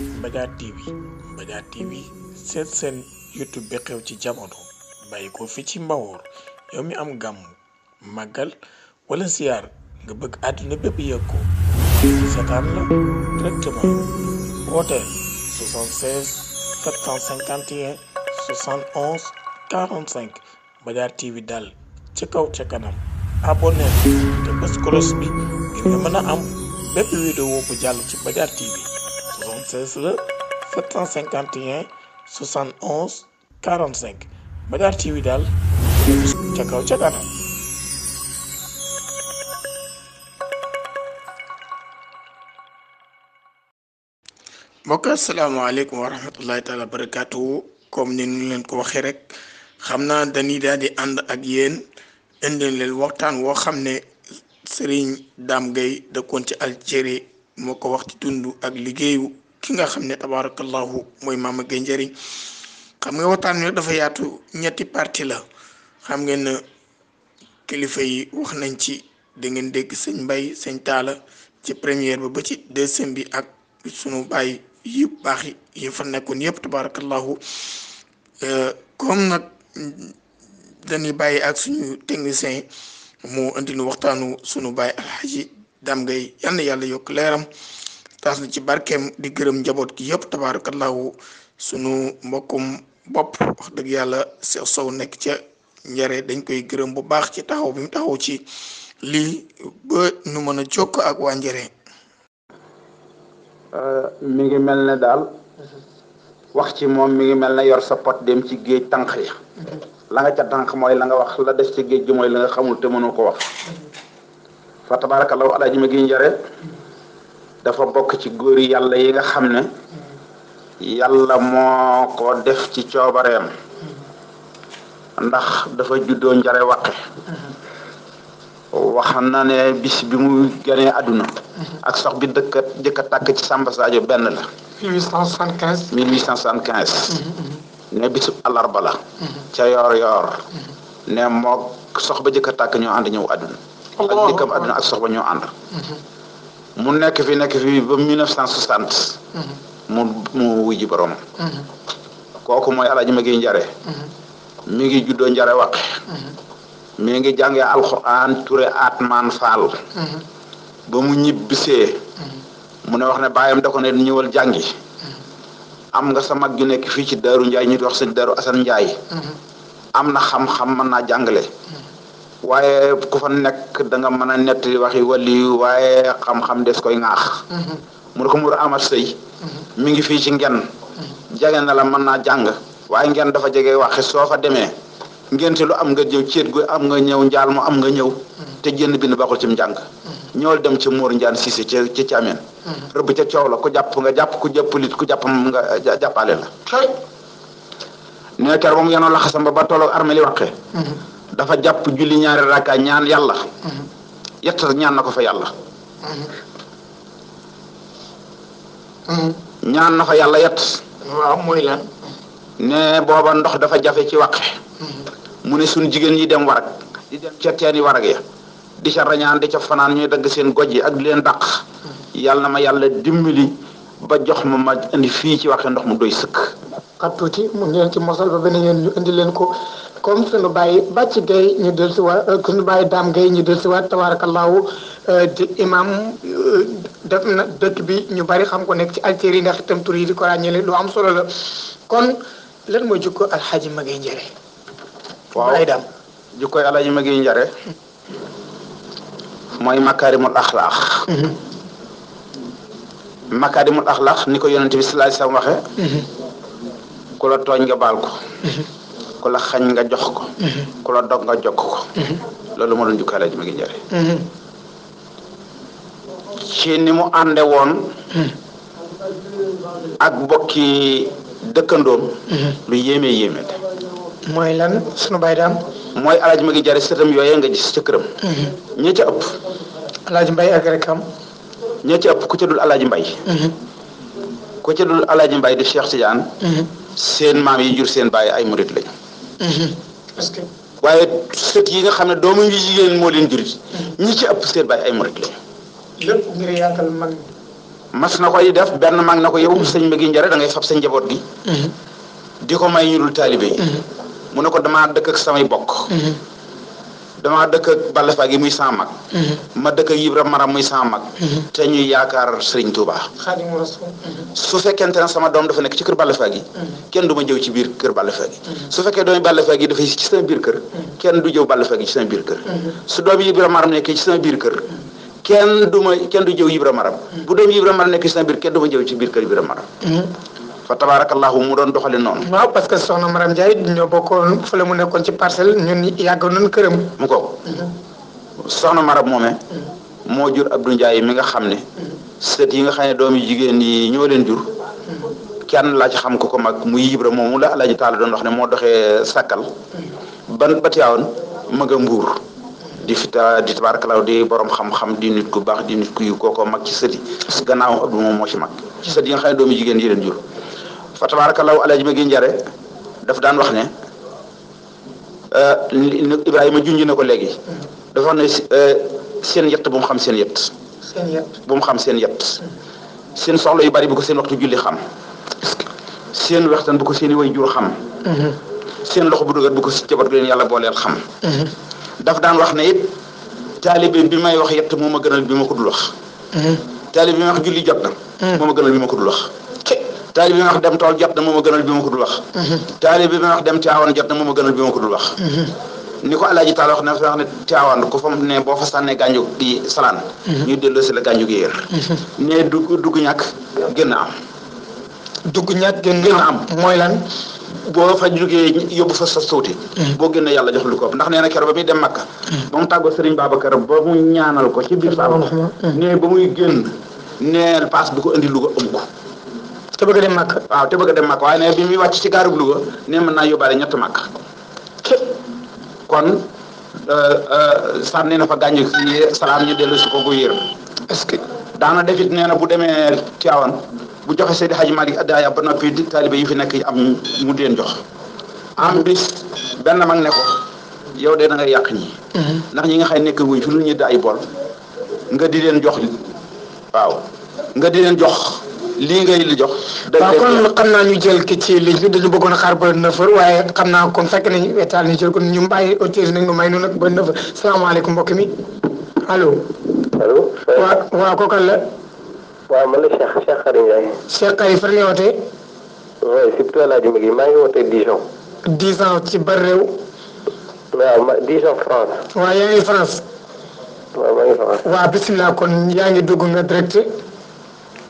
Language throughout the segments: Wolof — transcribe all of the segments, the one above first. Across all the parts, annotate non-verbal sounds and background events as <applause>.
Mbadiar TV Mbadiar seen YouTube bi xew ci jamono bàyyi ko fi ci mbawoor yow mi am gàmm màggal wala ziar nga bëgg àdduna bépp yëg ko seetaan la directement woote 76 TV daal ci kaw ca kanam abonné te bés cloche bi ngir mën a am bépp vidéo bu jàll ci Mbadiar TV 76 la 751 mbokk asalaamaaleykum wa rahmatullahi taala barakaatu comme ni ñu leen ko waxee rek xam naa dañuy daal di ànd ak yéen indi leen waxtaan woo xam ne sëriñ Dame Gueye dëkkoon ci Algérie moo ko wax ci dund ak liggéeyu ki nga xam ne tabarakallahu mooy Mama Gueye Njariñ xam nga waxtaan wi dafa yaatu ñetti parti la xam ngeen kilifa yi wax nañ ci da ngeen dégg sëñ Mbay sëñ Taala ci première ba ba ci deuxième bi ak sunu baay yu baax yi fa nekkoon yëpp tabarakallahu euh, comme nag dañuy bàyyi ak suñu technicien moo indi nu waxtaanu sunu baay alxaji Dame Gueye yàlla yokk leeram taas na ci barkeem di gërëm njaboot gi yëpp tabaarakallaahu sunu mbokkum bopp wax dëgg yàlla Cheikh Sow nekk ca njare dañ koy gërëm bu baax ci taxaw bi mu taxaw ci lii ba nu mën a jokk ak waa njare euh, mu ngi mel ne daal wax ci moom mi ngi mel ne yor sa pot dem ci géej tànq ya la ca tànk mooy la nga wax la des ci géej gi mooy la nga xamul te mënu ko wax fa tabaarakallaahu alaaji ma gi njare dafa bokk ci góor yàlla yi nga xam ne yàlla moo ko def ci coobareem ndax dafa juddoo njare waqe wax na ne bis bi mu gënee aduna ak sax bi dëkk jëkk tàkk ci Samba Sadio benn la 1875 1875 mhm, mhm. ne bisub alarba la mhm. ca yor yor. ne moo sox ba jëkk a tàkk ñoo ànd ñëw àdduna ak dikkam aduna ak sox ba ñoo ànd mu nekk fi nekk fi ba 1960. Mhm. mu mu wujji borom. Mhm. kooku mooy El Hadj Maguette Njare. Mhm. mi ngi juddoo Njare Waqe. ngi jàngee alxuraan Touré Atman Fall. ba mu ñibbisee. mu ne wax ne baayam da ko ñëwal jàngi. am nga sa mag ju nekk fii ci Daaru Njaay ñu wax seen Daaru Asan Njaay. am na xam-xam mën naa jàngale. waaye ku fa nekk da nga mën a nett waxi wali waaye xam-xam des koy ŋaax. mu ne ko Mourou Amath Seye. mi ngi fii ci ngen jege na la mën naa jàng. waaye ngeen dafa jege waxi soo fa demee. ngénte lu am nga ñëw ceet gu am nga ñëw njaal mu am nga ñëw. te génn bind baaxul ci njàng. ñëwal dem ci mur Ndiane Cissé ca ca Thiamène. rëbb ca coow la ku jàpp nga jàpp ko jàpp lit ku jàpp nga jàppale la. nee keroog moom yéen a laxasam ba ba tolloog armé li waqe. dafa japp julli ñaari raka ñaan yalla mhm. yett ñaan nako fa yalla mhm. ñaan nako yalla yett mhm. waaw moy lan ne boba ndox dafa jafé ci waqe mu ne suñ jigéen dem warak di dem ci tiani warak ya di ca rañaan di ca fanaan ñuy dagg seen goj yi ak leen yalla ma yalla dimbali ba jox ma ma indi fii ci waxee ndox mu doy sëkk. ab tuuti mu ngi ci mosal ba beneen yoon ñu indi leen ko comme suñu bàyyi bàcc gay ñu del si waat euh, suñu bàyyi daam gay ñu del si waat tabaarakallaahu euh, di imam euh, def na dëkk bi ñu bari xam ko nekk ci Algérie ndax itam tur yi di ko ràññee lu am solo la kon lan mooy jukko alxaaji magay njare waaw bàyyi daam jukkoy alxaaji magay njare mooy makaarimul axlaax mhm. makaarimul axlaq ni ko yonent bi sallallahu alayhi wa sallam mhm. ku la tooñ nga baal ko mhm. ku la xañ nga jox ko mhm. ku la dog nga jokk ko loolu moo doon jukkaale ji ma ngi njëre ci ni mu ànde woon ak bokki dëkkandoom lu yéeme yéeme mooy lan sunu bay daam mooy alaaj ma ngi jëre sëtam yooyee nga gis ca ëpp alaaj mbay ak rekam ña ci ëpp ku ca dul alaaji mbay mhm. ku ca dul alaaji mhm. seen maam yi jur seen bàyyi ay murit lañu mhm. waaye sët yi nga xam ne doomu yu jigéen moo leen jur ñi ci ëpp seen bàyyi ay murit lañu lépp mas na koy def benn mag na ko yow sëñ Mbégi Njare da ngay fab sa njaboot gi di ko may ñu dul taalibe mu ne ko damaa dëkk ak samay bokk damaa dëkk ak Balla Fagi muy sama mag mhm. ma dëkk ak Ibra Maram muy sama mag mhm. te ñuy yaakaar Sëriñ Tuuba Xaadimu Rasuul mhm. su fekkente ne sama doom dafa nekk ci kër Balla Fagi kenn du ma jëw ci biir kër Balla Fagi su fekkee doomi Balla Fagi dafay ci sama biir kër kenn du jëw Balla Fagi ci sama biir kër su doomi Ibra Maram nekkee ci sama biir kër kenn du ma kenn du jëw Ibra Maram bu doomi Ibra Maram nekkee ci sama biir kenn du ma jëw ci biir kër Ibra Maram fa tabaarakallaahu mu doon doxale noonu waaw parce que soxna Maram Ndiaye ñoo bokkoon fële mu nekkoon ci parcelle ñun yàgg nañ këram mu ko soxna Maram moome moo jur Abdou Ndiaye mi nga xam ne sët yi nga xam ne doom yu jigéen yi ñoo leen jur kenn laa ci xam ko ko mag muy Ibra moomu la Alaaji Taala doon wax ne moo doxee sàkkal ban ba tiyaawoon mag a mbuur di fita di tabaarakallaahu di borom xam-xam di nit ku baax di nit ku yu kookoo ci sët yi gannaaw moom moo ci mag ci sët yi nga jigéen yi leen jur fa tabaarakallaahu alaaji ma gi njare daf daan wax ne euh, Ibrahima junj na ko léegi dafa wax ne euh, seen yett bu mu xam seen yet seen yett bu mu xam seen soxla yu bari bu ko seen waxtu julli xam. seen waxtaan bu ko seen i xam. Mhm. seen loxo bu dëgër bu ko si jabar leen yàlla booleel xam. Mhm. daf daan wax ne it taalibe bi may wax yett moo a gënal bi ma ko wax. Mhm. taalibe bi may wax julli jot na. moo ma gënal bi ma ko wax. taalibe bi ma wax dem tool jot na moom a gënal bi ma ko dul wax. Mhm. taalibe bi ma wax dem Tiwaawan jot na moom a gënal bi ma ko dul wax. Mhm. ni ko Alaaji Taala wax na fa wax ne Tiwaawan ku fa ne boo fa sànnee gànju gi mhm. la gànju gi yër. ne a a sa suuti boo génnee yàlla jox lu ko ndax nee na keroog ba muy dem Makka ba mu tàggoo Serigne Babacar ba mu ñaanal ko ci biir Babacar nee ba muy génn neel paas bu ko indi Louga te bëgg a dem màkk waaw te bëgg a dem màkk waaye ne bi muy wàcc ci gaaru bu Louga ne mën naa yóbbaale ñett màkk kon euh, euh, sànni na fa gàncax gi salaam ñu dellu si ko bu yër est-ce que daana defit nee na bu demee Tiwaawan bu joxe Seydi Hadji Malick addaaya ba noppi di taalibe yi fi nekk am mu deen jox benn mag ne ko yow de da ngay yàq ñi mhm. ndax ñi nga xay nekk ñu daay bool nga di leen jox waaw nga di leen jox lii ngay li jox. waaw kon xam naa ñu jël ki ci ligne bi dañu bëggoon a xaar ba 9h waaye xam naa kon fekk nañu état ñu jël kon ñu bàyyi autorisé nañu may nu nag ba 9h salaamaaleykum mbokk mi allo. allo. waaw waaw kooku la. waaw man la Cheikh Cheikh Khary Ndiaye. Cheikh Khary fan nga wootee. waaw surtout El Hadj Mbengue maa ngi wootee Dijon. Dijon ci ban réew. waaw ma Dijon France. waaw yaa ngi France. waaw maa ngi France. waaw bisimilah kon yaa ngi dugg nga direct.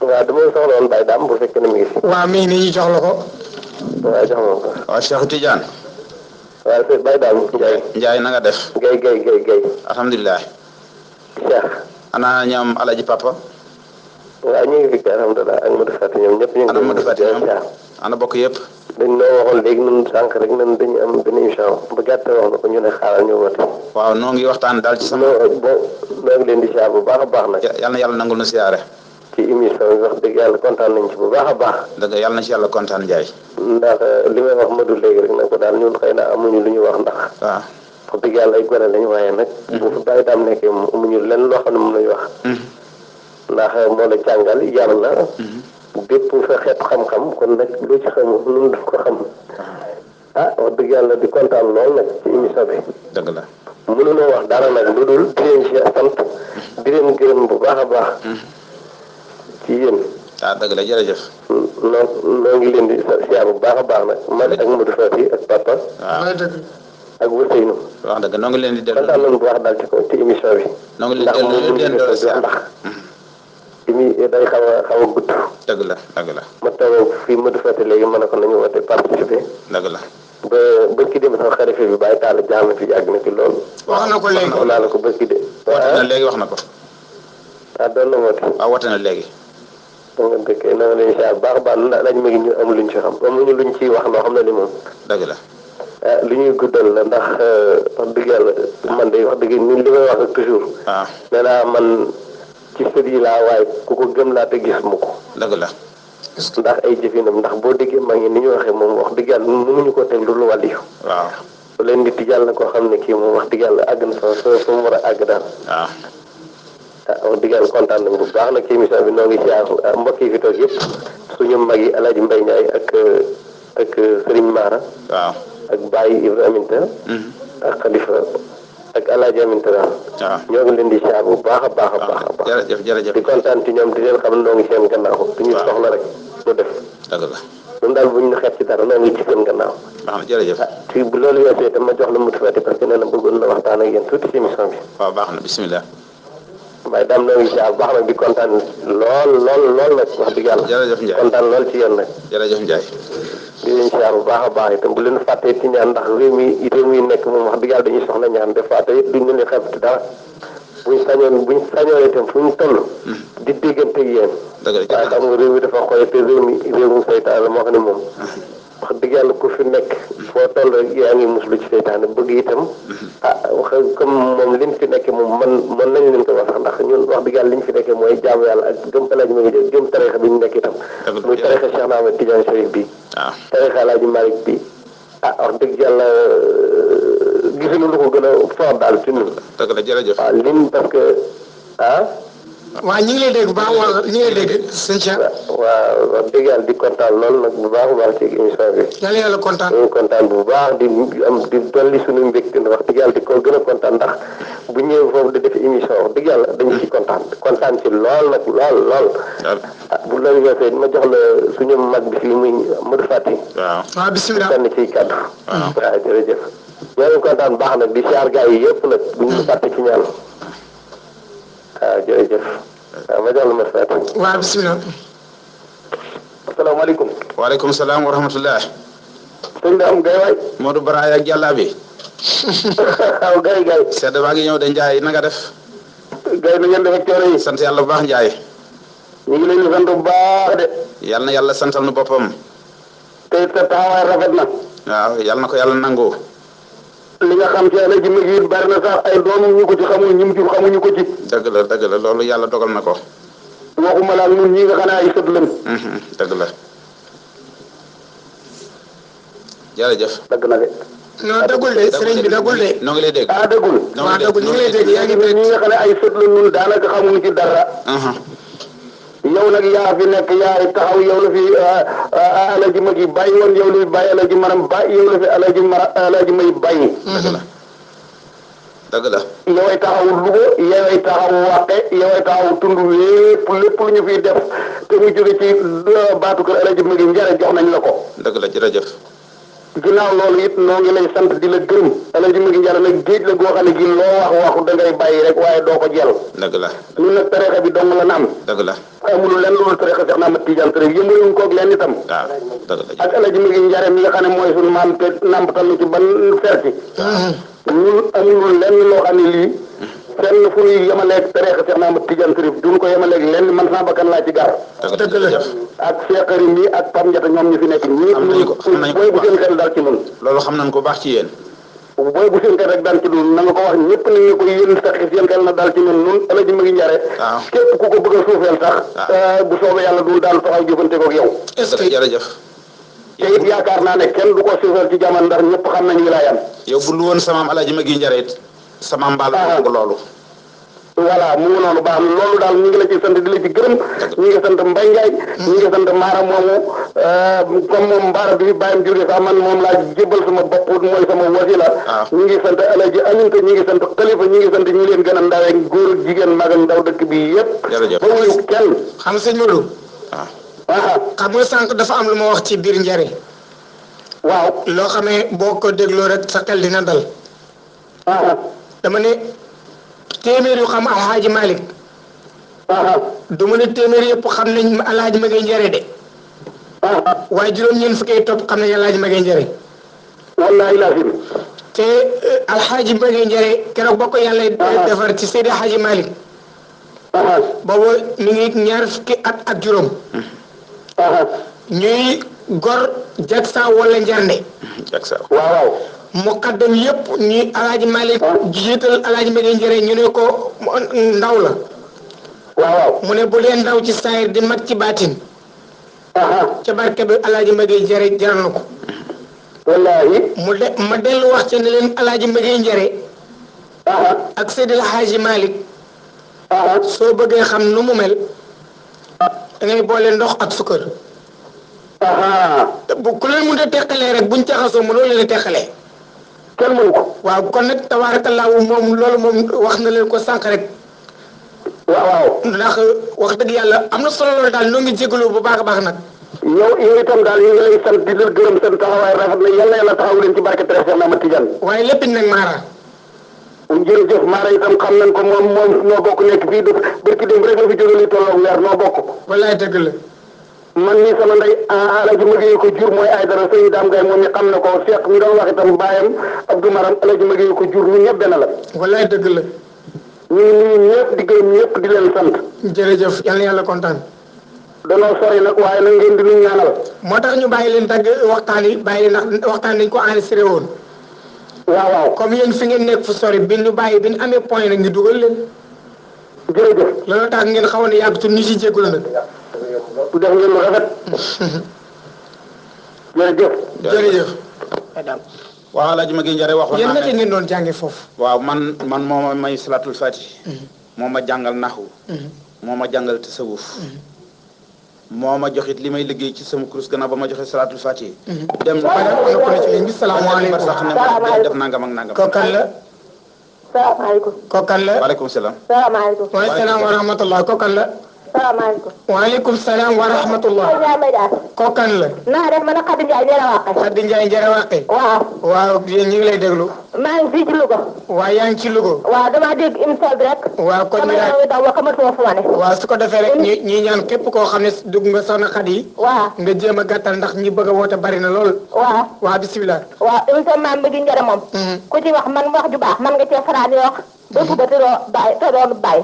waaw damay soxla woon Baye Dame bu mi ngi nii ñu jox la ko. waaw jox ma ko. waaw Cheikh Tidiane. waaw na nga def. Guèye Guèye Guèye Guèye. alhamdulilah. Cheikh. ana ñoom Alaji Papa. waaw ñu ngi fi alhamdulilah ak Modou Fatou ñoom ñëpp ñu ngi. bokk yëpp. dañ noo waxoon léegi ñun sànq rek nan dañu am benn émission bu gàtt wax na ko ñu ne xaaral ñu woote. waaw noo ngi waxtaan daal ci sama. noo noo leen di siyaar bu baax a baax nag. yàlla na yàlla nangul na siyaare. ci émission bi wax dëgg yàlla kontaan nañ ci bu baax a baax. dëgg yàlla na ci yàlla kontaan Ndiaye. ndax euh, li may wax Madou léegi rek nag ko daal ñun xëy na amuñu lu ñu wax ndax. waaw wax dëgg yàlla ay gone lañu waaye nag. Mhm. bu fi bàyyi daam nekkee amuñu lenn loo xam ne moom la ñu wax. Mhm. ndax euh, moo la jàngal la. Mhm. bépp fa xeet xam-xam kon nag loo ci xamul nun daf ko xam. ah wax dëgg yàlla di kontaan lool nag ci émission bi. dëgg la. mënuloo wax dara nag lu dul di leen ci sant di leen gërëm bu baax a baax. ci yéen. ah dëgg la jërëjëf. noo noo ngi leen di siyaar bu baax a baax nag man ak Modou Fati ak papa. waaw ah. ak Ousseynou. wax dëgg noo leen di delloo kontaan nañu bu wax daal ci ko ci émission bi. noo ngi leen leen delloo siyaar ndax moom mm-hmm. day day xaw a xaw la dëgg la. ma tawee fii Modou Fati léegi ma ne ko nañu woote participer. dëgg la. ba bëkki dem sax xarit bi bàyyi taal jaam fi yàgg na ci loolu. wax na ko léegi wax na léegi wax na ko. ah doon na woote. ah na léegi. moom ngeen dëkkee na nga leen si baax baax laaj ma gi ñu am luñ ci xam am luñu luñ ci wax loo xam ne ni moom. dëgg la. ah lu ñuy guddal la ndax euh, wax dëgg yàlla man de wax dëgg ni li may wax ak toujours. Ah. man ci laa waaye ku ko gëm gis mu ko. dëgg la. ndax ay jëfinam ndax boo diggee maa ngi ni ñu waxee moom wax dëgg yàlla mënuñu ko teg lu wàll yu. waaw leen nit yàlla koo xam ne kii moom wax dëgg yàlla àgg na fa fa mu war a àgg daal. Ah. wax dëgg yàlla kontaan nañ bu baax nag ci émission bi noo ngi siyaar mbokk yi fi yëpp suñu mag yi El Hadj Mbaye Ndiaye ak ak Serigne Mara. waaw ak Baye Ibrahima Aminta. Mhm. ak Khalifa ak El Hadj Aminta daal. waaw ñoo ngi leen di siyaar bu baax a baax a baax. waaw jërëjëf jërëjëf di kontaan ñoom di xam noo ngi seen gannaaw. waaw duñu rek ñu def. dëgg la ñun daal bu ñu xeet ci dara noo ngi ci seen gannaaw. na jërëjëf. Ah, jox la mu tufaati parce que nee bëggoon na waxtaan ak yéen tuuti ci émission bi. waaw baax na bisimilah. Baye Dame noo ngi si baax nag di kontaan lool lool lool nag wax dëgg yàlla. jërëjëf Ndiaye kontaan lool ci yéen nag. jërëjëf Ndiaye. di leen siyaar bu baax a baax itam bu leen fàttee ci ñaan ndax réew mi réew mi nekk moom wax dëgg yàlla dañuy soxla ñaan def des fois tey duñ leen xeebati dara buñ sañoon buñ sañoon itam fu ñu toll. Hmm. di dégganteeg yéen. dëgg la waaye xam nga réew mi dafa xool te réew mi réew mu saytaan la moo xam ne moom. Hmm. wax dëgg yàlla ku fi nekk foo toll rek yaa ngi muslu ci seytaane bëgg itam ah wax comme moom liñ fi nekke moom man mën nañ leen ko wax ndax ñun wax dëgg yàlla liñ fi nekke mooy jaamu yàlla ak gëm alaaj ma ngi def gëm tarixa bi ñu nekk itam muy tarixa Cheikh Ahmed Tidiane Chérif bi tarixa alaaji Malick bi ah wax dëgg yàlla gisuñu lu ko gën a foor daal ci ñun dëgg la jërëjëf waaw liñ parce que ah waaw ñu ngi lay dégg bu baax wala ñu dëgg yàlla di kontaan lool nag bu baax a baax ci émission bi. yàlla yàlla kontaan ñu bu baax di am di dolli suñu wax dëgg yàlla di ko gën a bu ñëwee foofu di émission wax yàlla dañu ci kontaan kontaan ci lool nag lool lool. Ah, bu loolu weesoo ma jox la suñu mag bi fii muy Modou Fatick. waaw waaw bisimilah kenn ciy kaddu. waaw waaw jërëjëf. ñoo ngi kontaan baax nag di siyaar gaa yi yëpp nag bu ñu fàtte ci ñaan. Ah, ah, waaw jërëjëf. waaw ma jox salaam wa rahmatulah. sëñ bi am gay waay. bi. waaw <laughs> gay gay. sedd baa ngi ñëw de Ndiaye nanga def. gay na ngeen def ak coono yi. sant yàlla bu baax Ndiaye. ñu ngi leen di baax de. yal na yàlla santal nu boppam. tey sa taxawaay na. waaw yal na ko yàlla nangoo. li nga xam ci alaji mag yi bari na sax ay doom ñu ko ci xamul ñu mu ci xamuñu ko ci dëgg la dëgg loolu yàlla dogal na ko waxuma la ñun ñi nga xanaa ay sët lañ mhm, la jërëjëf dëgg na de non dagul de sëriñ bi dagul de ngi lay dégg ah dagul waaw dagul ñu yaa ngi ñi nga xam ne ay sët lañ ñun daanaka xamuñu ci dara mhm. yow nag yaa fi nekk yaa taxaw yow la fi euh, euh, alaji ma ji bàyyi woon yow la fi bàyyi alaji maram bàyyi yow la fi alaji mara alaji may bàyyi. dëgg la dëgg la. yoway taxaw Louga yoway taxaw Waqe yoway taxaw tund lépp lépp lu ñu fiy def te ñu jóge ci euh, baatu kër alaji ma ji njëriñ jox nañ la ginaaw loolu it noo ngi lay sant di la gërëm ala ji mu ngi jàll la goo xam ne gi loo wax waxu da bàyyi rek waaye doo ko jël dëgg la ñun nag tarixa bi dong la na am dëgg la amul lenn loolu tarixa Cheikh Ahmad Tidiane Touré yëngaluñ koog lenn itam waaw dëgg la ak ala ji mu ngi njare mi nga xam ne mooy suñu maam te nambatal ci ban ferti ñun amul lenn loo xam ne lii fenn fu ñuy yemaleeg tariixa Cheikh Mamadou Tidiane Chérif duñ ko yemaleeg lenn man sama bakkan laa ci gaar dëgg la ak Cheikh Karim mi ak Pam Ndiata ñoom ñu fi nekk ñëpp booy bu seen xel dal ci ñun loolu xam nañ ko baax ci yéen booy bu seen xel rek dal ci ñun na nga ko wax ñëpp nañ ñu ko yéen sax seen xel na dal ci ñun ñun ala ji ma ngi njare képp ku ko bëgg a suufeel sax eh, bu soobee yàlla daal jëfante koog yow jërëjëf te it yaakaar naa ne kenn du ko suufeel ci jamono ndax ñëpp xam nañ yow bu lu woon sama mbal ko lolu wala mu nonu baax na loolu daal ñu ngi la ci sante di la ci gërem ñu ngi sante mbay ngaay ñu ngi mara momu euh comme mom mbaara bi bayam jure sax man mom la jébal sama bop moy sama wasila ah. ñu ngi sante alaji alinte ñu ngi sante khalifa ñu ngi sante ñu leen gëna a ndawee góor jigéen mag ak ndaw dëkk bi yépp ba wuyu kenn xam lolu ah. ah xam nga sank dafa am lu ma wax ci bir njëriñ waaw lo xamé boko ko dégloo rek sa xel dina dal ah. dama ne téeméer yu xam alxaaji Malick du ma ne téeméer yëpp xam nañ alxaaji ma ngay njare de waaye juróom-ñeent fukki topp xam nañ alxaaji ma ngay njare wallaahi euh, ba ko yàlla defar ci Seydi Alxaaji Malick boobu mi ngi ñaar fukki at ak juróom ñuy gor jaksa wala njarne mu mukaddam yëpp ni alaaji Malik jiital alaaji Malik njëriñ ñu ne ko ndaw la waaw mu ne bu leen ndaw ci saayir di mag ci baatin ca barke bi alaaji Malik njëriñ jaral na ko wallaahi mu de ma dellu wax ci ne leen alaaji Malik njëriñ ak Seydil Haaji Malik soo bëggee xam nu mu mel da ngay boole ndox ak sukkër bu ku leen mun a teqalee rek buñ caxasoo mu loolu leen a teqalee kenn mënu ko. waaw kon nag tabaarakallaahu moom loolu moom wax na leen ko sànq rek. waaw waaw. ndax wax dëgg yàlla am na solo loolu daal ñoo ngi jégalu bu baax a baax nag. yow yow itam daal ñu ngi lay sant la gërëm seen taxawaay rafet na yàlla yàlla taxaw leen ci barke Tere Cheikh waaye lépp nag Mara. jërëjëf Mara itam xam nañ ko moom moom noo bokk nekk fii dëkk barki démb rek la fi jógee lu tolloog weer noo bokk. wallaay dëgg la. man ni sama nday ah, ah, ala alaji magey ko jur moy ay dara sey dam gay momi xamna ko cheikh mi do wax itam bayam abdou maram ala alaji magey ko jur ni ñepp ben la wallahi deug la ni ni ñepp di gëm ñepp di len sant jere jef yalla yalla contane dañoo sori nak waye na ngeen di ñu ñaanal motax ñu bayi len tag waxtan yi bayi len waxtan nañ ko enregistré won waaw waaw comme yeen fi ngeen nek fu sori bi ñu bayi bi ñu amé point nak ñu duggal len jere jef la tax ngeen xawone yag tu ñu ci jéggul nak bu def ngeen lu rafet. jërëjëf. jërëjëf. waaw El Hadj Maguette Ndiare waxoon naa ne yéen naka ngeen doon jàngee foofu. waaw man man moo ma may salatul fati. Mhm. moo ma jàngal naxu. Mhm. moo ma jàngal tasawuf. Mhm. moo ma joxit li may liggéey ci sama kurus gannaaw ba ma joxe dem ba yokk na ci liñ bi salaamaaleykum sax ne ma def nangam ak nangam. kooku kan la. salaamaaleykum. kooku kan la. waaleykum salaam. salaamaaleykum. waaleykum salaam wa rahmatulah la. salaamaaleykum. waaleykum salaam wa rahmatullah. kooku kan la. naa def man a Khady Ndiaye Ndiéla Waake. Khady Ndiaye Ndiéla Waake. waaw. waaw yéen ñu ngi lay déglu. maa ngi fii ci Louga. waaw yaa ngi ci Louga. waaw damaa dégg émission bi rek. waaw kon ñu naan daw xamatuma su ko defee rek ñi ñi ñaan képp koo xam ne dugg nga soxna yi waaw nga jéem a gàttal ndax ñi bëgg a woote bari na lool. waaw waaw bisimilah. waaw émission maam bi di njëriñ moom. Mm-hmm. ku ci wax man wax ju man nga cee faral di dëkk ba te doo bay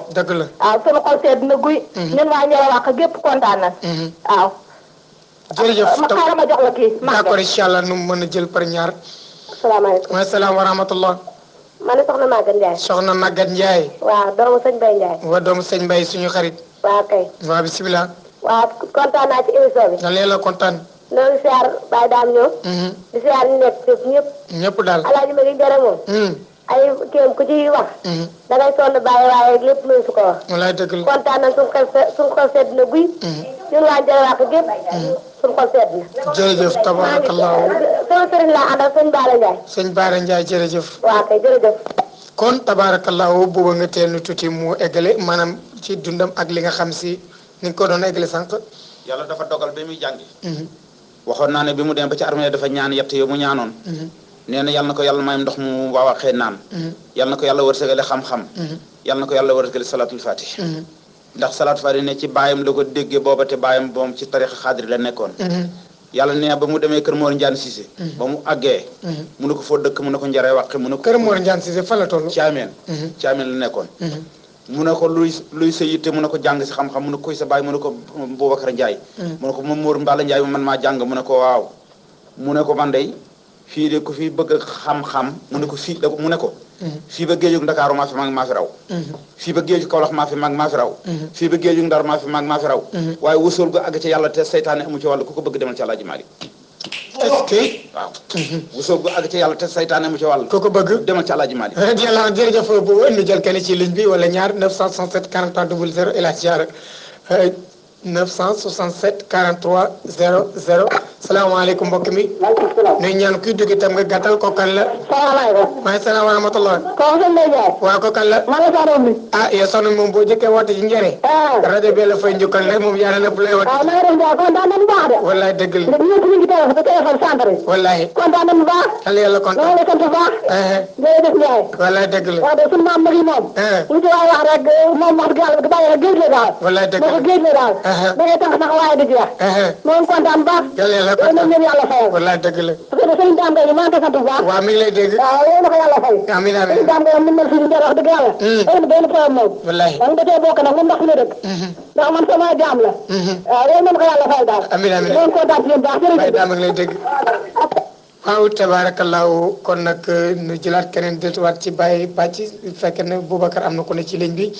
mën a jël par ñaar. asalaamaaleykum wa suñu xarit. waaw kay. waaw bisimilah. waaw kontaan naa ci émission bi. lan la kontaan. loolu siyaar Baye Dame ñëw. Mhm. di siyaar ñu nekk ñëpp. ñëpp daal alaaji ma ngi jërë moom. Mhm. ay kéem ku ci wax. da ngay sonn bàyyi waaye lépp luñ su ko wax. walaay dëgg la kontaan nañ suñ xol suñ nga teel nu mu eggale maanaam ci dundam ak li nga xam si ni nga ko doon eggale sànq. yàlla dafa dogal ba muy jàngi. waxoon naa ne bi mu dem ba ci armée dafa ñaan yett yow mu ñaanoon. nee na yal na ko yàlla may ndox mu waawaxee naan yal na ko yàlla wërsëgale xam-xam yal na ko yàlla wërsëgale salaatul fatih ndax salaatul fatih ne ci baayam la ko déggee booba te baayam boom ci tarixa xaadir la nekkoon yàlla nee ba mu demee Kër Mor Ndiane Cissé. ba mu àggee. mu ne ko foo dëkk mu ne ko njaree wàqe mu ne ko. Kër Mor la toll. Thiamène. Thiamène la nekkoon. mu ne ko luy luy sa yitte mu ne ko jàng si xam-xam mu ne koy sa baay mu ne ko a Ndiaye. mu ne ko moom Mor Mballa Ndiaye man maa jàng mu ne ko waaw mu ne ko man dey fii de ku fi bëgg xam-xam mu ne ko fii da mu ne ko mhm. fii ba fi mag maa Kawlax maa fi mag maa fi raw mhm. fii ba géejug mhm. Ndar maa fi mag maa fi raw waaye wësool gu àgg ci yàlla te saytaane amu ci wàll ko bëgg demal ci Alaaji Maalik est gu àgg ci yàlla te saytaane amu ci wàll ko bëgg demal ci Alaaji Maalik radiyallahu eh, anhu jërëjëf bu nu jël kenn ci ligne bi wala ñaar 967 43 00 salaamaaleykum mbokk mi. waaleykum salaam. nuyu ñaan kuy dugg itam nga gàttal ko kan la. salaamaaleykum. maaleykum salaam wa rahmatulah. kooku sëñ Mbaye la. man la Sadio ah yow soxna moom boo jëkkee woote ci njëriñ. waaw ah. rajo bi la fay njukkal rek moom yaa la lépp lay woote. waaw ah, maa dëgg la. ndax eh, eh. dëgg la. waaw eh. dëgg la daal. dëgg la géej la da ngay tànk sax waaye du jeex moom kontaan baax na leen yàlla fayal wallaay dëgg la parce que sëriñ daam gay ni maa ngi koy sant bu baax waaw mi ngi lay dégg waaw yéen a ko yàlla fay amiin amiin sëriñ daam gay am ni mel fii wax dëgg yàlla heure hmm. benn problème moom wallaay man da cee bokk nag moom ndax fi la dëkk hmm. ndax man sama jaam la hmm. waaw yéen moom ko yàlla fay daal amiin amiin moom kontaan ci yéen baax jërëjëf daam ngi lay dégg waaw tabaarakallaahu kon nag ñu euh, jëlaat keneen détuwaat ci bàyyi bàcc fekkee ne Boubacar am na ko ne ci ligne bi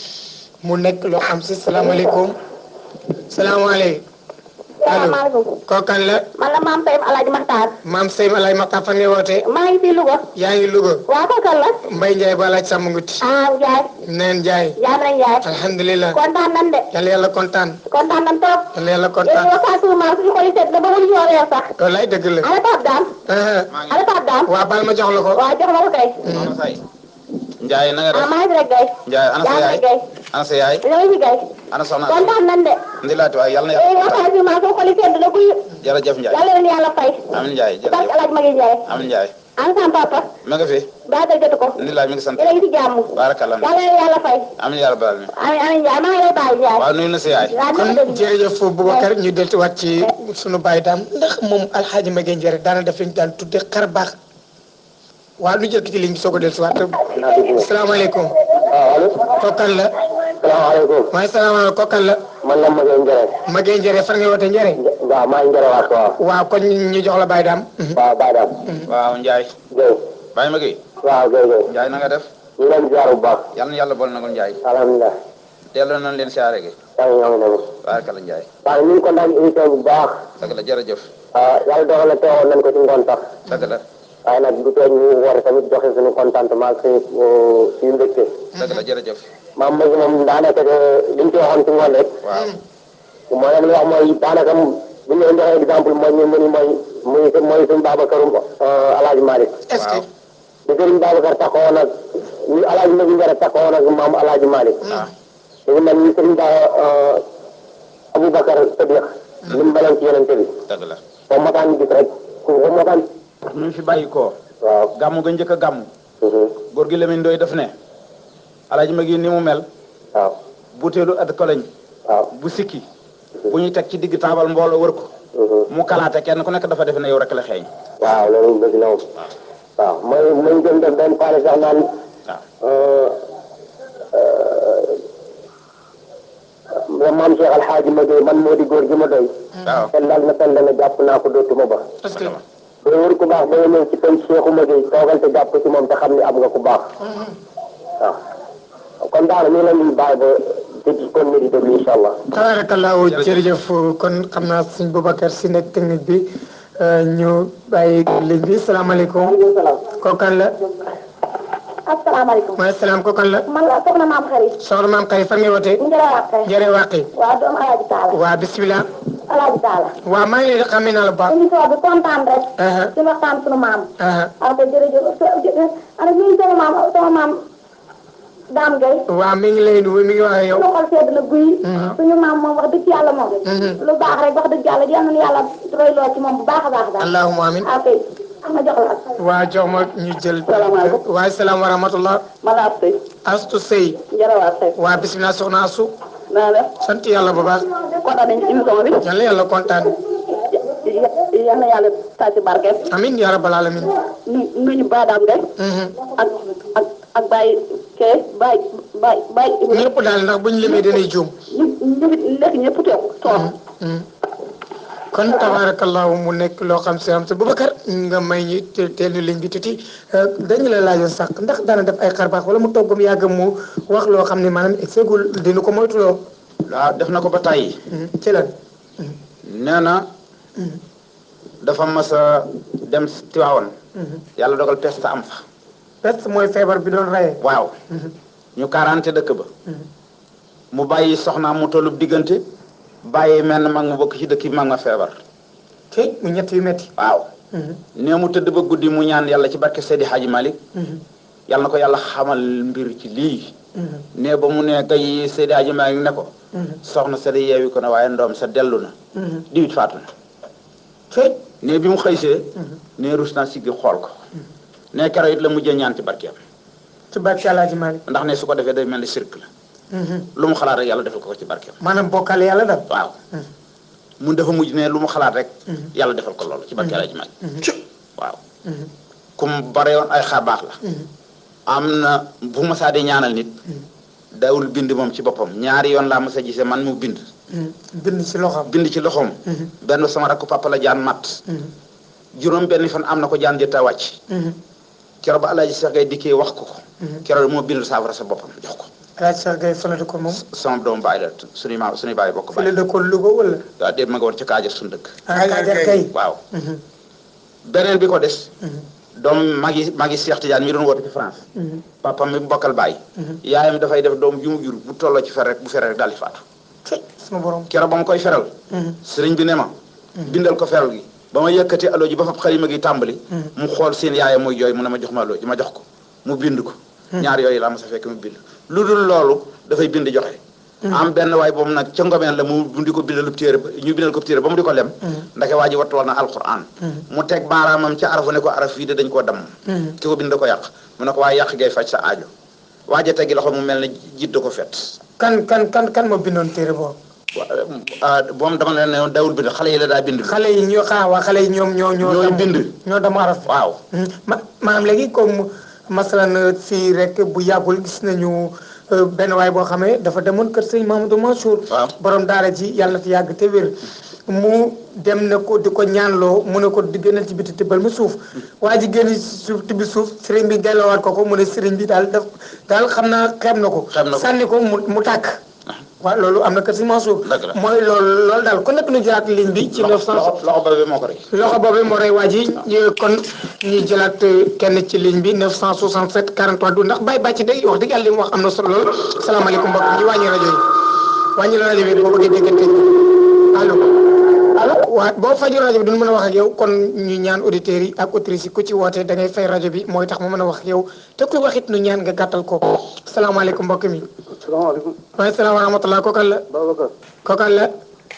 mu nekk loo xam si salaamaaleykum salaamaaleykum. salaamaaleykum kooku kan la. man la maam Seyim El Hadj maam Seyim El Hadj Makhtar fan nga wootee. maa ngi fii Louga. yaa la. Mbaye Ndiaye ba El Hadj Samba ah Ndiaye. neen Ndiaye. yaa ngi alhamdulilah kontaan nan de. yàlla yàlla kontaan. kontaan nan trop. yàlla yàlla kontaan. yéen saa suñu maam suñu xolli seet nga bëggoon reer sax. wallaay dëgg la. ana Pape Dame. Uh-huh. ana Pape Dame. waaw baal ma jox la ko. jox ma ko Ndiaye na nga def maa ngi rek gay. Ndiaye ana sa yaay ana sa yaay. loolu gay. ana soxna kon tax nan de. ndilaati waay yàlla na yàlla. waxtaan bi maa soo xoli sedd la guy. jërëjëf Ndiaye yàlla leen yàlla fay. amiin Ndiaye jërëjëf parce que alaaj magi Ndiaye. amiin Ndiaye. ana sama papa. ma nga fi. baax na jot ko. ndilaay mi ngi sant yéen a ngi si jàmm. baarakallah yàlla leen yàlla fay. amiin yàlla baal mi. amiin amiin Ndiaye maa ngi lay bàyyi Ndiaye. waaw nuyu na sa yaay. kon jërëjëf Boubacar ñu delluwaat ci sunu bàyyi daam ndax moom alxaaji Maguette Ndiaye daana def liñ daan tudde xar baax waaw lu jël ki ci ligne bi soo ko dellusiwaat. salaamaaleykum. waaw allo. kookan la. salaamaaleykum. maa ngi salaamaaleykum kookan la. man la Maguette Ndiéré. Maguette Ndiéré fan nga wootee Ndiéré. waaw maa ngi Ndiéré ko waaw. waaw kon ñu jox la Baye Dame. Mhm. waaw Baye Dame. Mhm. waaw na nga def. ñu ngi leen di bu baax. yal yàlla bool na ko Ndiaye. alhamdulilah. delloo nañ leen siyaare gi. waaw ñoo ngi dem. waaw kala Ndiaye. waaw ñu bu baax. dëgg la jërëjëf. Ah, yàlla dogal na teewoon nañ ko sax. dëgg la waaye nag du tee ñu war tamit joxe suñu contentement ak suñu euh, suñu mbégte. dëgg la jërëjëf. moom daanaka li ñu ci hmm. mooy li wax mooy daanaka bu ñu leen joxee exemple mooy ñu mën mooy muy mooy suñu Babacar euh, Alaaji Malick. est-ce que. di sëriñ Babacar taxawoon ak ñu maam Alaaji Malick. waaw hmm. ah. dañu mel ni sëriñ Ba euh, Aboubacar Sadiq. Hmm. li mu meloon ci yonente bi. dëgg la. moo tax ñu rek moom moo tax. ñu fi bàyyi ko waaw gàmmu ga njëkk a gàmmu mhm. góor gi Lamine Ndoye def ne alaaji mag yi ni mu mel butéelu at koloñ bu sikki mhm. bu ñu teg ci digg taabal mbooloo wër ko mhm. mu kalaate kenn ku nekk dafa defe ne yow rek la xeeñ waaw def benn paale sax naan euh, ma doy man moo di góor gi ma doy. waaw kon daal na pen dana jàpp naa ko dootuma ba. góor ku baax day ñëw ci penc Seexu Maguette toogal te jàpp ci moom te xam ni am nga ku baax waaw kon daal ñu la ñuy bàyyi ba dégg kon ñu di déglu incha allah. tabaarakallaahu jërëjëf kon xam naa suñ Boubacar si nekk technique bi ñu bàyyi ligne bi salaamaaleykum. kooku kan la. asalaamaaleykum. maaleykum salaam kooku kan la. man la soxna maam xarit. soxna maam xarit fan nga wootee. njëriñ wàqi. njëriñ wàqi. waaw doomu Alaaji Taala. waaw bisimilah. Alaaji Talla. waaw maa ngi lay xamee naa la baax. émission bi kontaan rek. ci uh-huh. waxtaan sunu maam. waaw uh-huh. ah, kay jërëjëf ana ñu sama maam sama maam Dame Gueye. waaw mi ngi lay nuyu mi ngi wax yow. suñu xol sedd na guy. Uh-huh. suñu maam moom wax dëgg yàlla moom. lu baax rek wax dëgg yàlla yal na yàlla royloo ci moom bu baax a baax a baax. allahumma amiin ah, waaw kay. waa jox ma ñu jël. salaamaaleykum waaye salaam wa rahmatullah. ma la Astu Sey. Astu Sey. jërëjëf waay. waa bisimilah soxna Astu. naa def. sant yàlla bu baax. kontaan nañu ci émission bi. yàlla yàlla kontaan. yal na yàlla taasi barke. amiin yaa rabbal aalamiin. nu nuyu baadaam de. Mm-hmm. ak ak kee bàyyi bàyyi bàyyi. ñëpp daal ndax buñ limee dañuy juum. ñu ñu nekk ñëpp toog toog. Mm-hmm. Mm-hmm. kon tabarakallah mu nek lo xam ci am sa Boubacar nga may ñu teelu liñ bi tuuti eh, dañ la laajoon sax ndax dana def ay xarbaax wala mu togum yag mu wax lo xamni manam maanaam dinu ko moytu lo la ah, def nako ba tay mm-hmm. ci la mm-hmm. nana mm-hmm. dafa massa dem Tiwaawan yalla dogal test am fa test moy febar bi don rayee waw ñu 40 dekk ba mu bayyi soxna mu tollub digënté bàyyi mel ne mag mu bokk ci dëkk bi mag ma feebar. tey mu ñett yu waaw. Mhm. nee mu tëdd ba guddi mu ñaan yàlla ci barke Seydi Hadji Malick. Mhm. yàlla na ko yàlla xamal mbir ci lii. Mhm. nee ba mu ne kay Seydi Hadji Malick ne ko. soxna Seydi yeewi ko na waaye ndoom sa dellu na. diwit faatu na. tey nee bi mu xëysee. nee rus naa siggi xool ko. nee keroog it la mujjee ñaan ci barkeem. ci barke Alaaji ndax ne su ko defee day mel ni cirque Mm-hmm. lu mu xalaat rek yàlla defal ko ci barkeem. maanaam bokkaale yàlla daal. waaw mm-hmm. mun dafa ne lu mu xalaat rek. Mm-hmm. yàlla defal ko lool ci barkeel a ji mag. waaw. kum bareewoon ay xaar baax la. am na bu ma di ñaanal nit. dawul bind moom ci boppam ñaari yoon laa mos a gisee man mu bind. bind ci loxoom bind ci loxoom. benn sama rakku papa a jaan mat. juróom benn fan am na ko jaan jëtta wàcc. keroog ba alaaji sax dikkee wax ko keroog moo bind saafara sa boppam jox ko. alaaj Cheikh Gaye fa la dëkkoon moom sama doom bàyyi la suñuy bokk bàyyi la dëkkoon Louga wala waaw déet ma nga dëkk ah, waaw mhm. beneen bi ko des mhm. doom magi magi Cheikh Tidiane mi doon woote ci France mhm. papa mi bokkal bàyyi yaayam dafay def doom ju mu jur bu tolloo ci fer rek bu fer rek daal di faatu sunu borom keroog ba ma koy feral sëriñ bi ne ma bindal ko feral gi ba ma yëkkati allo ji ba fab xalima gi tàmbali mu xool seen yaayam muy jooy mu ne ma jox ma allo ji ma jox ko mu bind ko ñaar yooyu laa mos a fekk mu bind lu dul loolu dafay bind joxe mm-hmm. am benn waay boobu nag ca ngomeen la mu bundi ko bindal téere ñu bindal ko téere ba mu di ko lem mm-hmm. ndake waa ji wattu woon na alquran mm-hmm. mu teg baaraamam ca arafu ne ko araf da ko yàq mu ne ko waaye yàq gay faj sa mel ne jiit da ko fet kan kan kan kan moo bindoon téere boobu waaw ah, moom dama leen ne woon dawul bind xale yi la daa bind. xale yi ñoo xaawa ah, xale yi ñoom ñoo. ñoo bind ñoo dama araf. waaw. ma maanaam léegi comme masalan si rek bu yàggul gis nañu euh, benn waay boo xamee dafa demoon kër sëñ Mamadou Mansour. boroom daara ji yàlla na yàgg te wér. mu dem ne ko di ko ñaanloo mu ne ko di génnal ci biti tibbal ma suuf waa ji génn suuf tibbi suuf sëriñ bi delloowaat ko ko mu ne sëriñ bi daal daf daal xam naa xeeb na ko. sànni ko mu mu tàkk. waaw loolu am na kër si mooy loolu lool daal ku nekk ñu jëlaat ligne bi. ci 900 loxo boobee moo ko rey. loxo boobee moo rey waa ji euh, kon ñu jëlaat euh, kenn ci ligne bi 967 43 du ndax Baye Bàcc de wax am na sol lool salaamaaleykum mbokk mi ñu wàññi rajo yi wàññi rajo bi boo bëggee déggante allo. waa boo fajul rajo bi duñ mën a wax ak yow kon ñu ñaan auditeurs yi ak auditrices yi ku ci wootee da ngay rajo bi mooy tax mu mën a wax ak yow te ku waxit nu ñaan nga gàttal ko salaamaaleykum mbokk mi. salaamaaleykum. maaleykum salaam wa rahmatulah kookal la. Babacar. kookal la.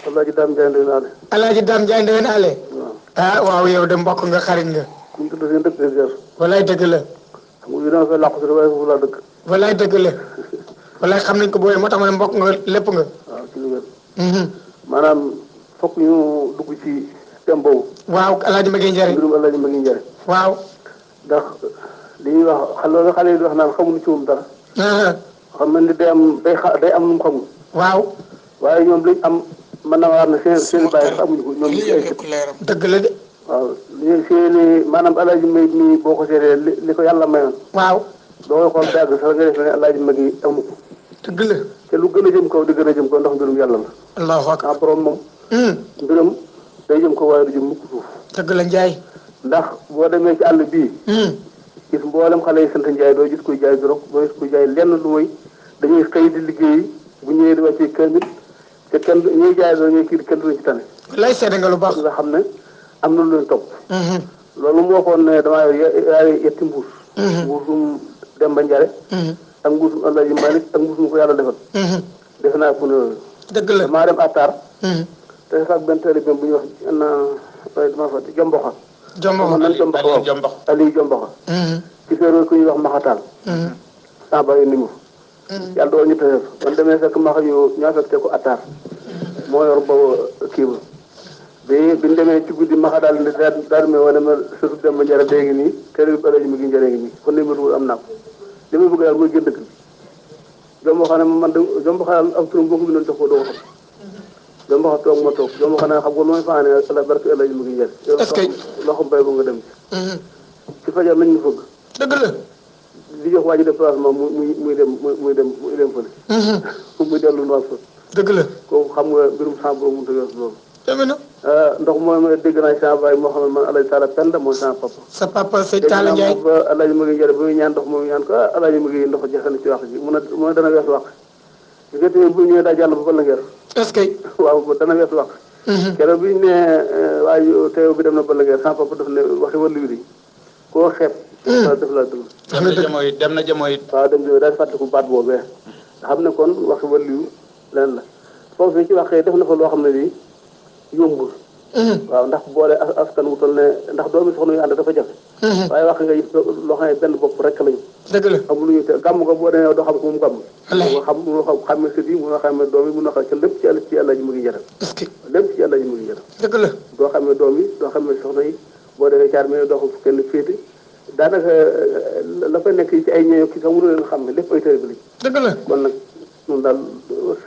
Alaaji Dame Ndiaye Ndewen Allé. Alaaji Dame Ndiaye Ndewen Allé. ah yow de mbokk nga xarit nga. kuñ tudd ngeen dëkk Kër dëgg la. xam nga dama fay làqu si waaye foofu laa dëkk. la. <laughs> walaay xam nañ ko booyee moo tax ma ne mbokk nga lépp nga. fokk ñu dugg ci thème boobu. waaw El magi Maguette Ndiaye. mbirum El waaw. ndax li ñuy wax loolu xale yi di wax naan xamuñu ci moom dara. xam na ni day am day xa day am nu mu waaw. waaye ñoom liñ am man na waar na seen seen bàyyi xamuñu ko ñoom ñu dëgg la de. waaw li seeni maanaam El Hadj Maguette nii boo ko li ko yàlla mayoon. waaw. doo ko xool dàgg sax nga def ne El Hadj Maguette dëgg la. te lu gën a jëm ko di gën jëm kaw ndax mbirum yàlla la. allahu akbar mbiram day jëm ko waaye du jëm mukk suuf dëgg la njaay ndax boo demee ci àll bii hmm. gis mboolem xale yi sant njaay doo gis kuy jaay dorog doo gis kuy jaay lenn lu mooy dañuy xëy di liggéey bu ñëwee di wàccee kër nit te kenn ñuy jaay dorog ñuy kii kenn du ci tane lay seede nga lu baax nga xam ne am na lu leen topp hmm. loolu moo ko ne damaa yaay yetti mbuus hmm. mbuusum Demba Njare ak mbuusum Alaaji Malik ak mbuusum ko yàlla defal defe naa ko ne loolu dëgg dem attar te dafa ak benn taalibeem bu ñuy wax na dama fàtte Jomboxa. Jomboxa Aliou Jomboxa waaw Aliou Jomboxa. Mm-hmm. ku ñuy wax Maxataan. Mm-hmm. sans bàyyi ni mu. Mm-hmm. yàlla doon ñu tase fa man demee fekk max yu ñoo ko attaar moo ba bi bi ñu demee ci maxa daal di daal ma wane ma surtout dem ba njëriñ léegi nii kër gi bële ji mi ngi njëriñ nii kon numéro bi am naa ko li ma bëgg daal mooy jënd dëkk Jomboxa ne man de Jomboxa am turam boo ko bindoon jox ko doo ko dama wax toog ma toog dama xanaa xam nga mooy faane mu ngi jël. est-ce que loxo mbay bu nga dem ci. Mm-hmm. ci fajar nañ ñu fëgg. dëgg la. di jox waa ji déplacement mu muy muy dem muy dem muy dem fële. Mm-hmm. <laughs> muy dellu noor fa. dëgg la kooku xam nga mbirum sang boobu mu tëjoo loolu. demee na. Euh, ndox mooy mooy dégg naa sama moo xam ne man Alaaji Taala Penda mooy sa papa sëñ Taala Ndiaye mu ngi jël muy ñaan ndox mu ngi ñaan ko ah Alaaji mu ngi ndox jafe ci wax ji mun a mu ne dana weesu wax. diggante bi bu ñu ñëwee daa jàll ba Balanguer. est que. waaw dana weesu wax. Mhm. keroog bi ñu nee euh, waaye bi dem na Balanguer sans papa daf ne waxi wàllu wii koo xeeb. Mhm. waaw daf laa dugg. dem na jamono dem na jamono it. waaw dem na daal fàttaliku baat boobee. nga xam ne kon waxi wàllu leneen la foofu bi ci waxee def na fa loo xam ne lii yombul. waaw ndax boole askan wu toll ne ndax doomi soxna yu ànd dafa jafe waaye wax nga it loo xam ne benn bopp rek lañu dëgg la amul ñu te gàmm nga boo demee doo xam ko moom gàmm nga xam mënoo ne doom yi lépp ci àll ci àlla mu ngi jëral lépp ci àlla ji mu doo xam ne doom yi doo xam ne soxna yi boo demee caar me doo xam fu kenn féete daanaka la fa nekk ci ay ñeeyo ki sax mënu leen xam ne lépp ay tërëb lañ dëgg la ñun daal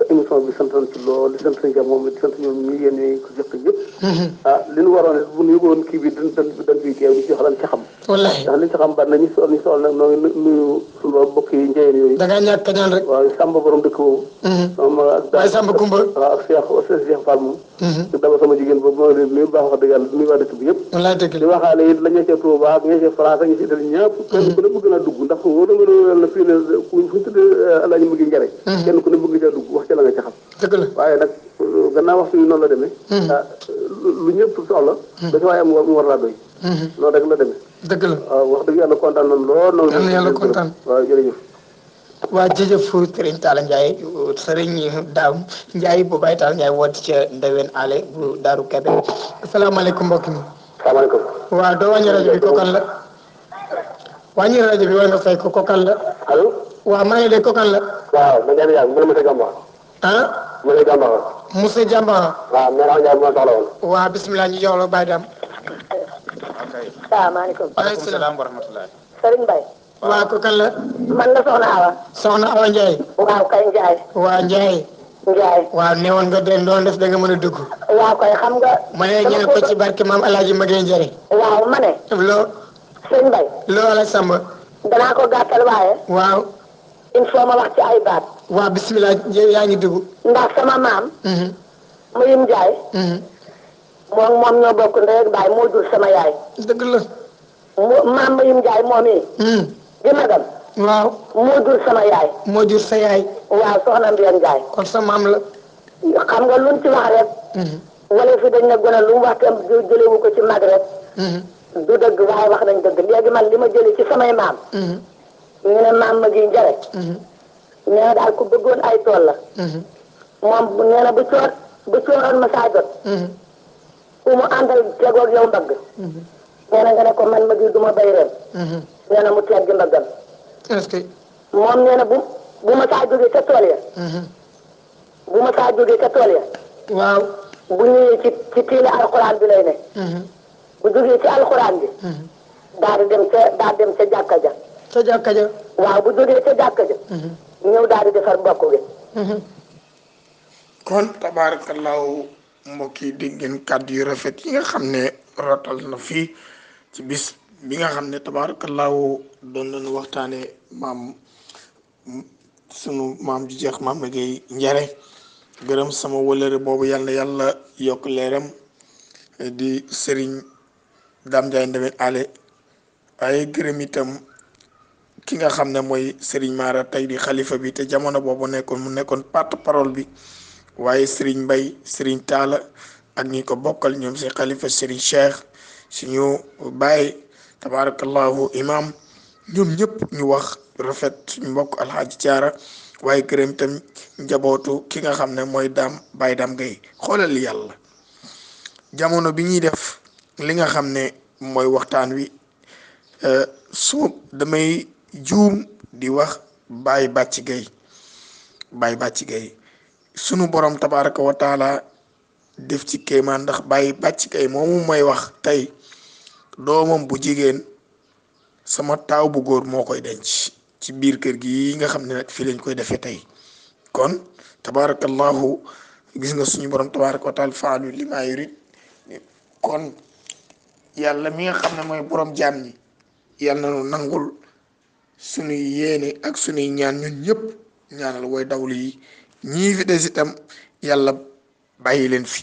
émission bi sant nañ ci lool di sant sëñ Dia moom di sant ñoom ñu yéen ñi ko jëkk ñëpp. Mhm. ah li ñu waroon bu ñu yëgoon kii bi dañ dañ dañ fiy teew ñu ci xelal ci xam. wallaahi ndax liñ ci xam bari na ñu soxla ñu soxla nag noo ngi nuyu suñu mbokk yi njëriñ yooyu. da ngaa ñàkk kañaan rek. waaw Samba borom dëkk boobu. Mhm. waaye Samba Kumba. waaw ak Cheikh ak Cheikh Fall moom. Mhm. France ak ñu ñëpp. kenn ku ne naa dugg ndax wóor na la fii ne fu ñu tuddee alaaji mu kenn ku ne bëgg jaa dugg wax ca la nga ca xam. dëgg la waaye nag euh, gannaaw waxtu yi noonu la demee. Hmm. Ah, euh, lu ñëpp soxla. dafa hmm. waaye mu war mu war laa doy. Hmm. loolu rek la demee. dëgg la waaw ah, wax dëgg yàlla kontaan nañu lool. lool yàlla yàlla kontaan waaw jërëjëf. waa jërëjëf Serigne Talla Ndiaye Serigne Dame Ndiaye bu Baye Talla Ndiaye woote ca Ndewen Ale bu Daaru Kebe. asalaamaaleykum mbokk mi. asalaamaaleykum. waaw doo wàññi rajo bi la. wàññi rajo bi wala nga fay ko kokan la. waaw maa ngi dégg la. man jaay ma yàgg man monsieur Gamba. ah. monsieur salaam wa rahmatulah. Serigne la. man la Soxna Awa. Soxna Awa Ndiaye. waaw kay Ndiaye. waa Ndiaye. Ndiaye. waaw ne nga den doon def da mën a dugg. waaw kay xam nga. ma ne ñu ne ci barke maam El Hadj Maguette Ndiaye. waaw ma sëñ Mbaye. loola Samba. danaa ko gàttal waaye. waaw. il faut ma wax ci ay baat. waaw bisimilah yaa ngi dugg. ndax sama maam. Mm-hmm. muyum Ndiaye. Mm-hmm. moom moom ñoo bokk ndey ak baay moo jur yi. Mm-hmm. di waaw moo jur sama yaay. moo jur sa yaay. waaw soxna Mbène Ndiaye. kon sa maam la. xam nga luñ ci wax rek. wala fi dañ ne gone lu mu wax te jëlewu ko ci mag rek. du dëgg waaye wax nañ dëgg léegi man li ma jëlee ci samay maam. Mhm. ñu ne maam ma gi njare. Mhm. nee na daal ku bëggoon ay tool la. Mhm. moom nee na bu coor bu cooroon ma saa jot. ku mu àndal tegoog yow mbagg. nee na nga ne ko man ma gi du ma bay ren. nee na mu teggi mbaggam. est-ce que. moom nee na bu bu ma saa jógee ca tool ya. bu ma saa jógee ca tool ya. waaw bu ñëwee ci ci tiili alxuraan bi lay ne. bu jógee ci alxuraan hmm. di dem dem ca jàkka ja. ca jàkka ja. waaw bu jógee ca jàkka ja. Hmm. Hmm. kon tabaarakallaahu mbokk yi dégg ngeen kàddu yu rafet yi nga xam ne rotal na fii ci bis bi nga xam ne tabaarakallaahu doon nañu waxtaanee maam sunu maam ji jeex maam la njare gërëm sama wëlëre boobu yàlla yàlla yokk leeram di sëriñ dam jay Ndemène ale waaye gërëm itam ki nga xamne moy Serigne Mara tay di khalifa bi te jamono bobu nekkon mu nekkon porte parole bi waye Serigne mbay Serigne tala ak ñi ko bokkal ñom ci khalifa Serigne Cheikh suñu bàyyi tabarakallahu imam ñom ñep ñu wax rafet suñu mbokk alxaaji tiara waye gërëm tam njabotu ki nga xamne moy dam daam Baye Dame Gueye yàlla jamono bi ñi def. li nga xam ne mooy waxtaan wi euh, su damay juum di wax Baye Bathie Gaye Baye Bathie Gaye sunu borom tabaraka wa def ci kéemaan ndax Baye Bathie Gaye moomu mooy wax tey doomam bu jigéen sama taaw bu góor moo koy denc ci biir kër gi yi nga xam ne nag fii lañ koy defee tey kon tabarakallahu gis nga suñu borom tabaraka wa taala faalu li maa yurid kon yàlla mi nga xam ne mooy borom jaam ni yàlla na nangul suñuy yéene ak suñuy ñaan ñun ñëpp ñaanal way dawlu yi ñii fi des itam yàlla bàyyi leen fi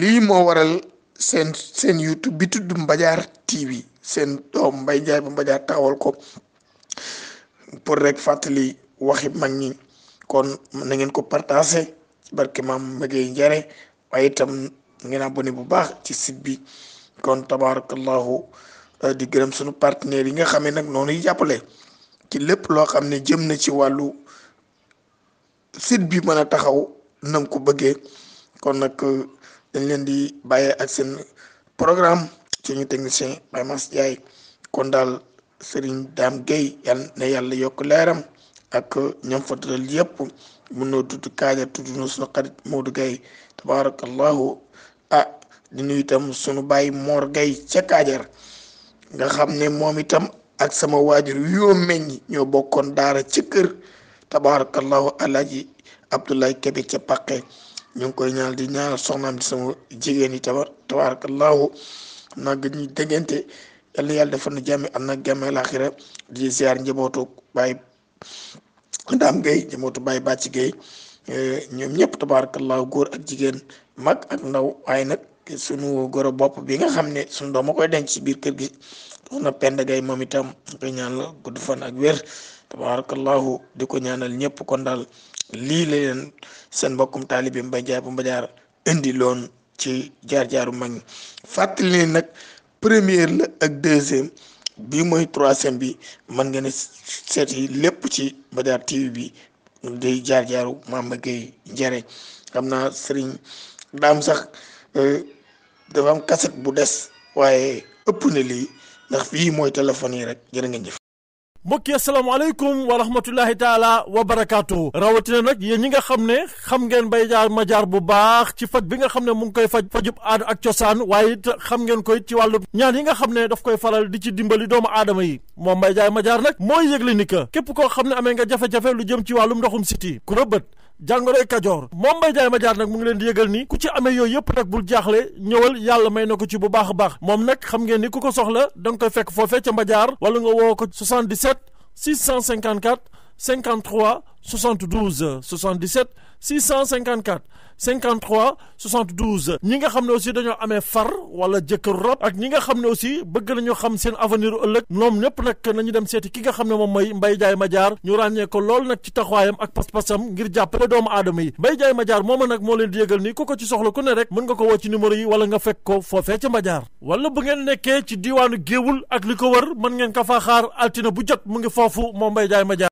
lii moo waral seen seen youtube bi tudd Mbadiar TV seen doom mbajaar Ndiaye ba Mbadiar ko pour rek fàttali waxi mag ñi kon na ngeen ko partagé ci barke ma Mbagey Njare waaye itam ngeen abonné bu baax ci site bi. kon tabarakallahu euh, di gërëm suñu partenaires yi nga xam ne nag noonu yi jàppale ci lépp loo xam ne jëm na ci wàllu sit bi mën a taxaw nam ko bëggee kon nag euh, dañ leen di bàyyee ak seen programme suñu technicien Baye Mass Ndiaye kon daal Serigne Dame Gueye yal yàlla yokk leeram ak euh, ñam fa tëral yëpp mun noo tudd kaaja tudd na suñu xarit Modou Gueye tabarakallahu ah di nuyu itam sunu baay moor gay ca Kaajar nga xam ne moom itam ak sama waajur yoo meññ ñoo bokkoon daara ci kër tabarakallahu alaaji Abdoulaye Kebe ca Paqe ñu ngi koy ñaanal di ñaanal soxnaam di sama jigéen yi tabar tabarakallahu nag ñuy déggante yàlla yàlla defal na jàmmi am na jàmmi laaxira di ziar njabootu Baye Dame Gueye njabootu Baye Bàcc Gueye eh, ñoom ñëpp tabarakallahu góor ak jigéen mag ak ndaw waaye nag. sunu goro bopp bi nga xam ne sunu doom a koy denc si biir kër gi soxna Penda Gaye moom itam koy ñaan la gudd fan ak wér tabarakallahu di ko ñaanal ñëpp kon daal lii la leen seen mbokkum taalibi Mbaye Ndiaye bu indi loon ci jaar-jaaru mag ñi fàttali nag première ak deuxième bi mooy troisième bi man nga ne lépp ci Mbadiar bi jaar-jaaru Mame Gueye Njare xam naa sëriñ daam sax euh, dafa am cassette bu des waaye ëpp na lii ndax fii mooy téléphone yi rek jërë ngeen jëf. mbokk yi asalaamaaleykum wa rahmatullahi taala wa barakaatu rawatina nag yéen ñi nga xam ne xam ngeen bay jaar ma jaar bu baax ci faj bi nga xam ne mu ngi koy faj fajub aada ak cosaan waaye it xam ngeen koy ci wàllu ñaan yi nga xam ne daf koy falal di ci dimbali doomu aadama yi moom bay jaar ma jaar nag mooy yëgle ni que képp koo xam ne amee nga jafe-jafe lu jëm ci wàllum ndoxum siti ku rëbët jàngoroy kajoor moom Mbaye Ndiaye Madiar nag mu ngi leen di yëgal ni ku ci amee yooyu yëpp nag bul jaaxle ñëwal yàlla may na ko ci bu baax a baax moom nag xam ngeen ni ku ko soxla danga koy fekk foofee ca Madiar wala nga woo ko 77 654 53 72 77 654 53 72 ñi nga xam ne aussi dañoo amee far wala jëkkër rab ak ñi nga xam ne aussi bëgg nañoo xam seen avenir ëllëg ñoom ñëpp nag nañu dem seeti ki nga xam ne moom mooy Mbaye Ndiaye Madiar ñu ràññee ko lool nag ci taxawaayam ak pas-pasam ngir jàppale doomu aadama yi Mbaye Ndiaye Madiar mooma nag moo leen di yëgal ni ku ko ci soxla ku ne rek mën nga ko woo ci numéro yi wala nga fekk ko foofee ca Madiar wala bu ngeen nekkee ci diwaanu Géewul ak li ko wër mën ngeen ko faa xaar altine bu jot mu ngi foofu moom Mbaye Ndiaye Madiar